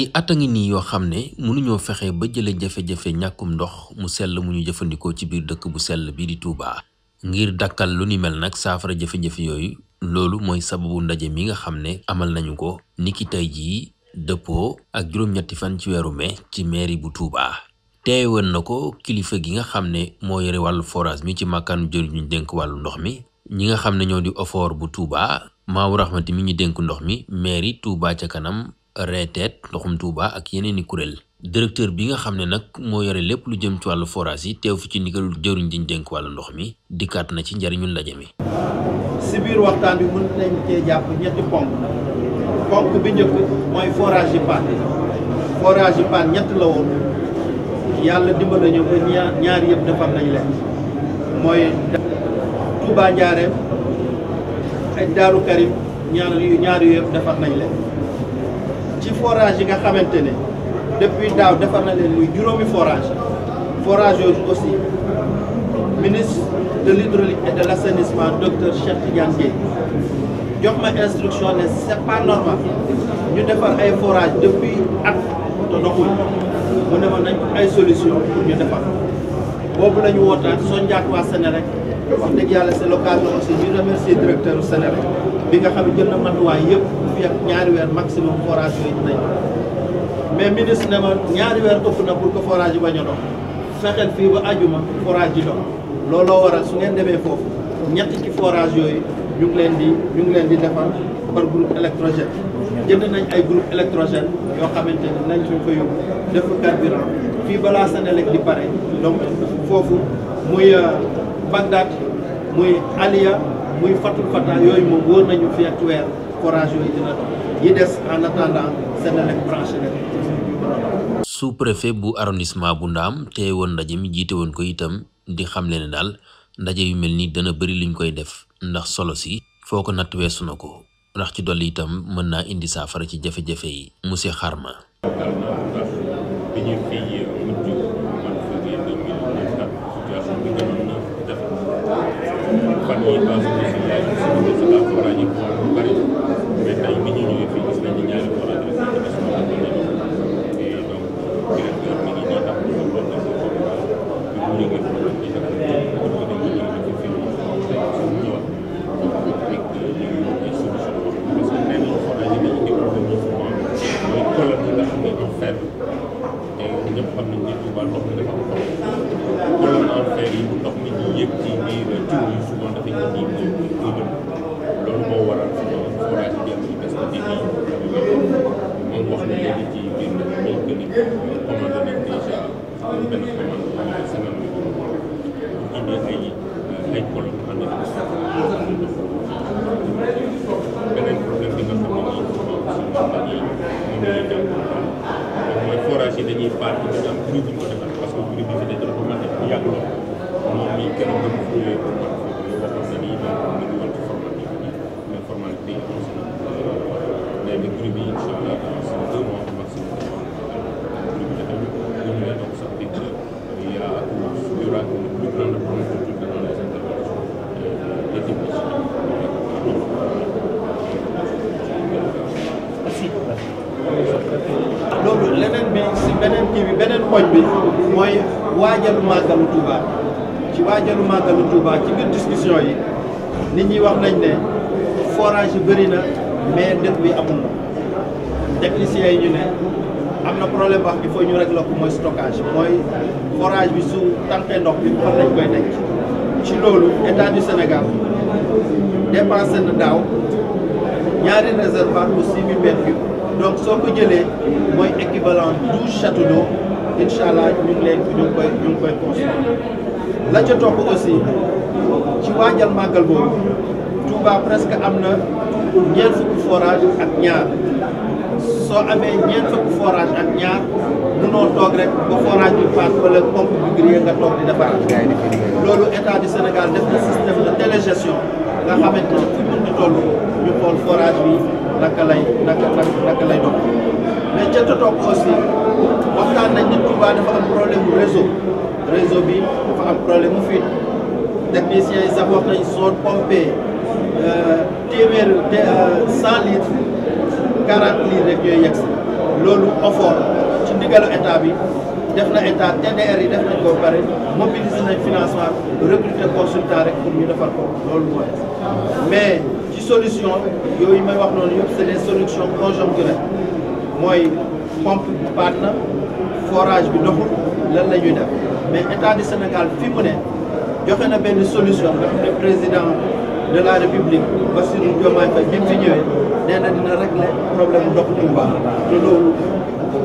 i at a ngi ni yoo xam ne mënuñoo fexee ba jële jafe-jafe ñàkkum ndox mu sell mu ñu jëfandikoo ci biir dëkk bu sell bii di Touba ngir dakkal lu ni mel nag saafara jafe-jafe yooyu loolu mooy sababu ndaje mi nga xam ne amal nañu ko niki tey jii dëppoo ak juróom fan ci weeru mai ci mairie bu Touba teewoon na ko kilifa gi nga xam ne moo yore wàllu forage mi ci màkkaanu ñu dénk wàllu ndox mi ñi nga xam ne ñoo di OFOR bu Touba maawu raxmati mi ñu dénk ndox mi mairie Touba ca reeteet ndoxum tuuba ak yeneeni kuréel directeur bi nga xam ne nag moo yore lépp lu jëm ci wàllu forage yi teew fi ci ndigalul jëriñ diñ dénk ndox mi dikkaat na ci njariñu ndaje mi si biir waxtaan bi mën nañ cee jàpp ñetti ponk ponk bi njëkk mooy forage yi paan forage yi paan ñett la woon yàlla dimbal nañu mooy ñaar yu defar nañ leen Le forage yi nga depuis daaw defar na leen le forage forage aussi. aussi ministre de l'hydraulique et de l'assainissement docteur Cheikh Tidiane Gueye jox instruction ce c'est pas normal Nous ñu fait un forage depuis at de doxul mu ne ma solution pour le defar boobu la ñu wootaan soo njaat waa Sénélec wax dëgg yàlla c'est l'occasion aussi ñu remercier directeur u Sénélec bi nga xam ne jël na matuwaay yëpp fi ak ñaari weer maximum forage yooyu dinañ mais ministre ne ma ñaari weer ëpp na pour que forage yi bañ a dox fexeel fii ba ajuma forage yi dox looloo waral su ngeen demee foofu ñett ci forage yooyu ñu ngi leen di defar par groupe électrogène jënd nañ ay groupe électrogène yoo xamante nañ suñ ko yóbbu def carburant fii balaa Senelec di pare foofu muy euh, Bagdad muy Alia muy Fatul Fata yooyu moom wóor nañu fi ak weer forage yooyu dina yi des en attendant Senelec branché sous préfet bu arrondissement bu Ndaam teewoon ndaje mi jiite woon ko itam di xamle ne daal ndaje yu mel nii dana bari liñ koy def ndax solo si foo ko natt weesu na ko ndax ci dolli itam mën naa indi saafara ci jafe-jafe yi monsieur Xarma. ñëpp xam nañ ne Touba ndox mi dafa am solo colonne en fer yi bu ndox mi ñuy yëg ci biir tur yi souvent dafay indi muy muy bëri loolu moo waral suñu forage bi am ci des na dégg moom wax na léegi ci biir ndox mi que ni commande nañ déjà benn commande bu ñu def semaine bi pour indi ay ay colonne gli impatti che abbiamo critico che l'anno passato quindi vedete la domanda che mi auguro non mi che non mi fui con la cosa lì non mi vuole formativo di una formalità deve quindi inshallah assoluto ma assoluto quindi abbiamo un livello sapete via una figura con più grande progetto che non è stata e quindi mooy waajalu màggalu Touba ci waajalu màggalu Touba ci biir discussion yi nit ñi wax nañ ne forage yi bëri na mais dëkk bi amul techniciens yi ñu ne am na problème wax il faut ñu régler ko mooy stockage mooy forage bi su tànkee ndox bi fan lañ koy denc ci loolu état du Sénégal na daaw ñaari réservoir bu six mille donc soo ko jëlee mooy équivalent douze château d'eau incha allah ñu ngi leen ñu ngi koy ñu ngi la ca topp aussi ci waajal màggal boobu Touba presque am na ñeent fukki forage ak ñaar soo amee ñeent fukki forage ak ñaar mënoo toog rek ba forage bi paas wala pompe bi nga toog di defaraat. loolu état du Sénégal def na système de télégestion nga xamante ne fi mën di ñu xool forage bi naka lay naka naka lay doon. réseau réseau les un problème techniciens ils savent euh, euh, litres 40 litres Les l'eau état état TDR financement recruter consultant rek pour mais la solution c'est des solutions conjoncturelles pompe bi baat na forage bi doxul lan la ñuy mais état du Sénégal fi mu ne joxe na benn solution nga ne président de la république Bassirou Diomaye Faye bi mu fi ñëwee nee dina régler problème ndox Touba te loolu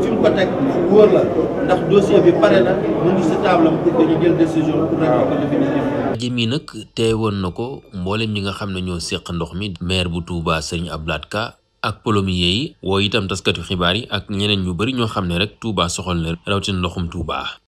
fi mu ko teg wóor la ndax dossier bi pare na mu ngi si table am pour ñu jël décision pour régler ko définitivement aji mi nag teewoon na ko mboolem ñi nga xam ne ñoo séq ndox mi maire bu Touba Serigne Abdou Lahad Ka ak polomier yi woo itam taskatu xibaar yi ak ñeneen ñu bari ñoo xam ne rek Touba soxal na rawatina ndoxum tuuba